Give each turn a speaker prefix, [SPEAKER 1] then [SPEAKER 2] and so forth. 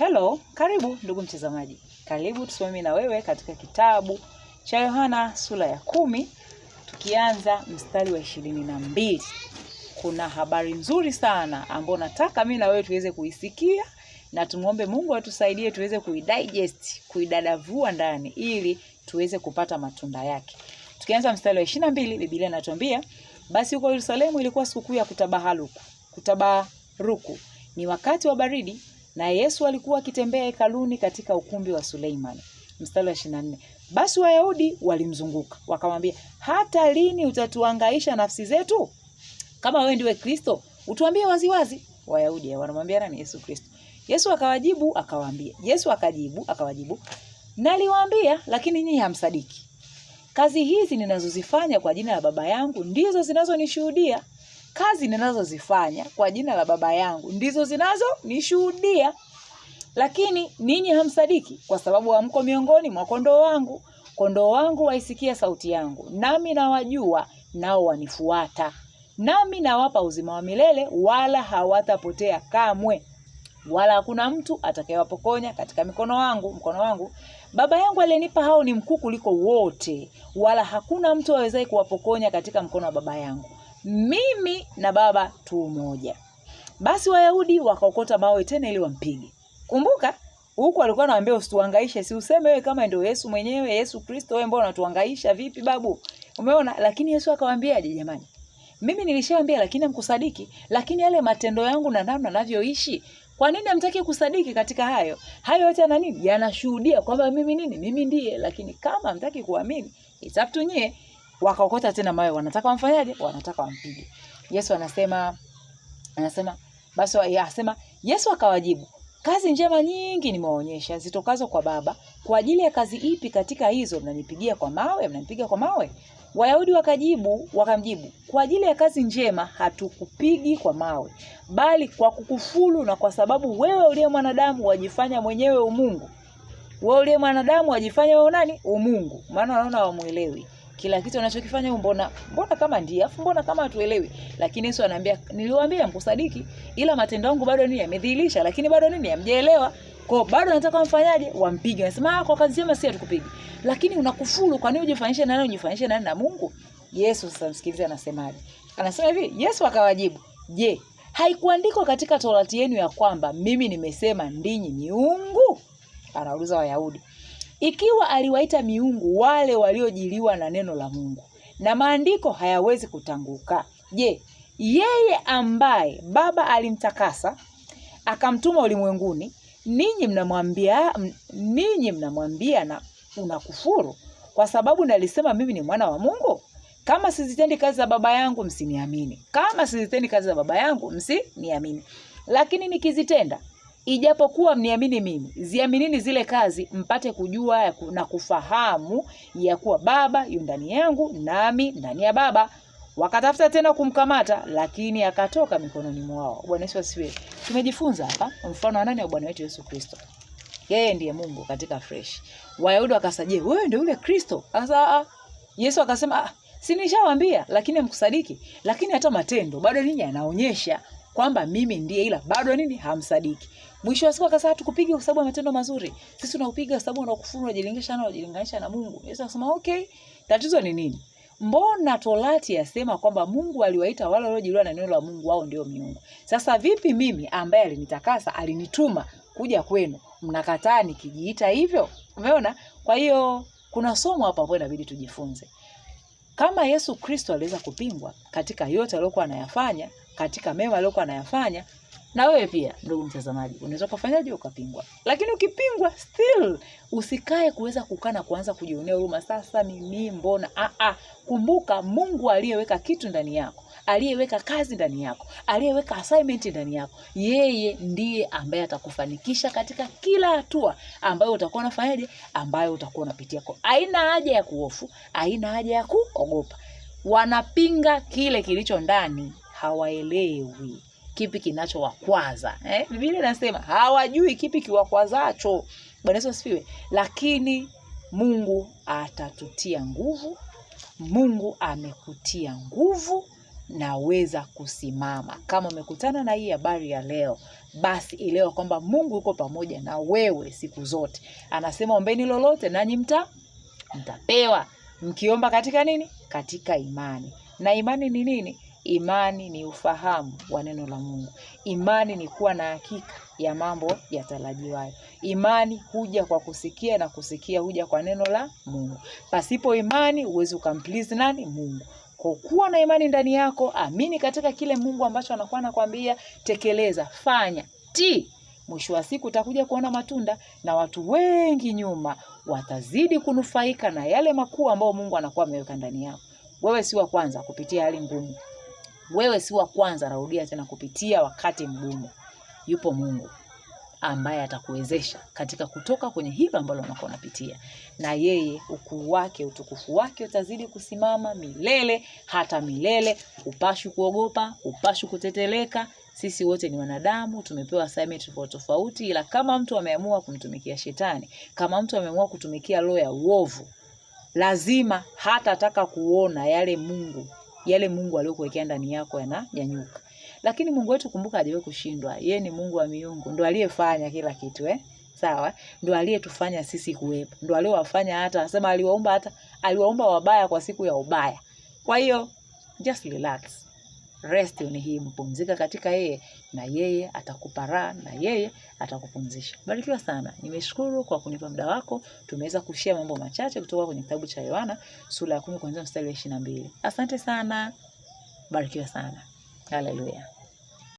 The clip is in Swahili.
[SPEAKER 1] Hello, karibu ndugu mtazamaji, karibu tusimame na wewe katika kitabu cha Yohana sura ya kumi tukianza mstari wa ishirini na mbili. Kuna habari nzuri sana ambayo nataka mimi na wewe tuweze kuisikia na tumwombe Mungu atusaidie tuweze kuidigest, kuidadavua ndani ili tuweze kupata matunda yake. Tukianza mstari wa ishirini na mbili, Biblia inatuambia basi huko Yerusalemu ilikuwa sikukuu ya kutabaharuku. Kutabaruku ni wakati wa baridi na Yesu alikuwa akitembea hekaluni katika ukumbi wa Suleiman. Mstari wa 24, basi Wayahudi walimzunguka wakamwambia, hata lini utatuangaisha nafsi zetu? Kama wewe ndiwe Kristo utuambie waziwazi. Wayahudi wanamwambia nani? Yesu Kristo. Yesu akawajibu akawaambia, Yesu akajibu akawajibu, naliwaambia lakini nyinyi hamsadiki. Kazi hizi ninazozifanya kwa jina la Baba yangu ndizo zinazonishuhudia kazi ninazozifanya kwa jina la Baba yangu ndizo zinazonishuhudia, lakini ninyi hamsadiki, kwa sababu hamko miongoni mwa kondoo wangu. Kondoo wangu waisikia sauti yangu, nami nawajua, nao wanifuata, nami nawapa uzima wa milele, wala hawatapotea kamwe, wala hakuna mtu atakayewapokonya katika mikono wangu mkono wangu. Baba yangu aliyenipa hao ni mkuu kuliko wote, wala hakuna mtu awezaye kuwapokonya katika mkono wa Baba yangu mimi na baba tu moja. Basi Wayahudi wakaokota mawe tena ili wampige. Kumbuka huku alikuwa anawaambia usituhangaishe, si useme wewe kama ndio Yesu mwenyewe, Yesu Kristo, wewe mbona unatuhangaisha vipi babu? Umeona? Lakini Yesu akawaambiaje jamani? Mimi nilishawaambia lakini hamkusadiki, lakini yale matendo yangu na namna ninavyoishi, kwa nini hamtaki kusadiki katika hayo? Hayo yote yana nini? Yanashuhudia kwamba mimi nini? Mimi ndiye, lakini kama hamtaki kuamini, it's up to you wakaokota tena mawe, wanataka wamfanyaje? Wanataka wampige. Yesu anasema anasema basi, asema Yesu akawajibu, kazi njema nyingi nimewaonyesha zitokazo kwa Baba, kwa ajili ya kazi ipi katika hizo mnanipigia kwa mawe? Mnanipiga kwa mawe? Wayahudi wakajibu wakamjibu, kwa ajili ya kazi njema hatukupigi kwa mawe, bali kwa kukufulu, na kwa sababu wewe uliye mwanadamu wajifanya mwenyewe umungu. Wewe uliye mwanadamu wajifanya wewe nani? Umungu. Maana wanaona hawamuelewi kila kitu anachokifanya mbona mbona kama ndiye afu mbona kama hatuelewi lakini Yesu anaambia niliwaambia mkusadiki ila matendo yangu bado nini yamedhihirisha lakini bado nini hamjaelewa kwa bado nataka mfanyaje wampige anasema ah, kwa kazi yema si atukupige lakini unakufuru kwa nini ujifanyishe nani ujifanyishe nani na Mungu Yesu sasa msikilize anasemaje anasema hivi Yesu akawajibu je haikuandikwa katika torati yenu ya kwamba mimi nimesema ndinyi ni anauliza Wayahudi ikiwa aliwaita miungu wale waliojiliwa na neno la Mungu na maandiko hayawezi kutanguka, je, yeye ambaye Baba alimtakasa akamtuma ulimwenguni, ninyi mnamwambia ninyi mnamwambia na unakufuru kwa sababu nalisema mimi ni mwana wa Mungu? Kama sizitendi kazi za Baba yangu msiniamini, kama sizitendi kazi za Baba yangu msiniamini, lakini nikizitenda Ijapokuwa mniamini mimi, ziaminini zile kazi mpate kujua na kufahamu ya kuwa Baba yu ndani yangu nami ndani ya Baba. Wakatafuta tena kumkamata, lakini akatoka mikononi mwao. Bwana Yesu asifiwe. Tumejifunza hapa mfano wa nani? Wa Bwana wetu Yesu Kristo. Yeye ndiye Mungu katika fresh. Wayahudi wakasaje, wewe ndio yule Kristo? a, ah, ah. Yesu akasema, ah, si nishawaambia, lakini mkusadiki. Lakini hata matendo bado ninyi anaonyesha kwamba mimi ndiye, ila bado nini, hamsadiki. Mwisho wa siku akasema tukupige kwa sababu ya matendo mazuri, sisi tunakupiga kwa sababu unakufuru, unajilinganisha na unajilinganisha na Mungu. Yesu akasema okay, tatizo ni nini? Mbona Torati yasema kwamba Mungu aliwaita wale waliojiliwa na neno la Mungu, wao ndio miungu. Sasa vipi mimi ambaye alinitakasa, alinituma kuja kwenu, mnakataa nikijiita hivyo? Umeona? Kwa hiyo kuna somo hapa ambapo inabidi tujifunze. Kama Yesu Kristo aliweza kupingwa katika yote aliyokuwa anayafanya, katika mema aliyokuwa anayafanya, na wewe pia ndugu mtazamaji, unaweza kufanyaje ukapingwa, lakini ukipingwa still usikae kuweza kukaa na kuanza kujionea huruma, sasa mimi mbona a a. Kumbuka Mungu aliyeweka kitu ndani yako, aliyeweka kazi ndani yako, aliyeweka assignment ndani yako, yeye ndiye ambaye atakufanikisha katika kila hatua ambayo utakuwa unafanyaje, ambayo utakuwa unapitia. Kwa aina haja ya kuhofu, aina haja ya kuogopa. Wanapinga kile kilicho ndani, hawaelewi kipi kinachowakwaza eh? Biblia inasema hawajui kipi kiwakwazacho. Bwana Yesu asifiwe. Lakini Mungu atatutia nguvu. Mungu amekutia nguvu naweza kusimama. Kama umekutana na hii habari ya leo, basi elewa kwamba Mungu yuko pamoja na wewe siku zote. Anasema ombeni lolote nanyi mta mtapewa, mkiomba katika nini? Katika imani. Na imani ni nini? Imani ni ufahamu wa neno la Mungu. Imani ni kuwa na hakika ya mambo yatarajiwayo. Imani huja kwa kusikia na kusikia huja kwa neno la Mungu. Pasipo imani huwezi ukamplease nani? Mungu. Kwa kuwa na imani ndani yako, amini katika kile Mungu ambacho anakuwa anakwambia, tekeleza, fanya, ti Mwisho wa siku utakuja kuona matunda, na watu wengi nyuma watazidi kunufaika na yale makuu ambayo Mungu anakuwa ameweka ndani yako. Wewe si wa kwanza kupitia hali ngumu. Wewe si wa kwanza, narudia tena, kupitia wakati mgumu. Yupo Mungu ambaye atakuwezesha katika kutoka kwenye hilo ambalo unakuwa unapitia, na yeye ukuu wake, utukufu wake utazidi kusimama milele hata milele. upashi kuogopa, upashu kuteteleka. Sisi wote ni wanadamu, tumepewa assignment tofauti tofauti, ila kama mtu ameamua kumtumikia Shetani, kama mtu ameamua kutumikia roho ya uovu, lazima hata ataka kuona yale Mungu yale Mungu aliyokuwekea ndani yako yananyanyuka. Lakini Mungu wetu kumbuka, hajawahi kushindwa. Yeye ni Mungu wa miungu, ndo aliyefanya kila kitu eh? Sawa, ndo aliyetufanya sisi kuwepo, ndo aliyowafanya hata asema aliwaumba, hata aliwaumba wabaya kwa siku ya ubaya. Kwa hiyo just relax. Rest ni hii, mpumzika katika yeye na yeye atakupa raha na yeye atakupumzisha. Barikiwa sana. Nimeshukuru kwa kunipa muda wako. Tumeweza kushia mambo machache kutoka kwenye kitabu cha Yohana sura ya kumi kuanzia mstari wa ishirini na mbili. Asante sana. Barikiwa sana. Haleluya.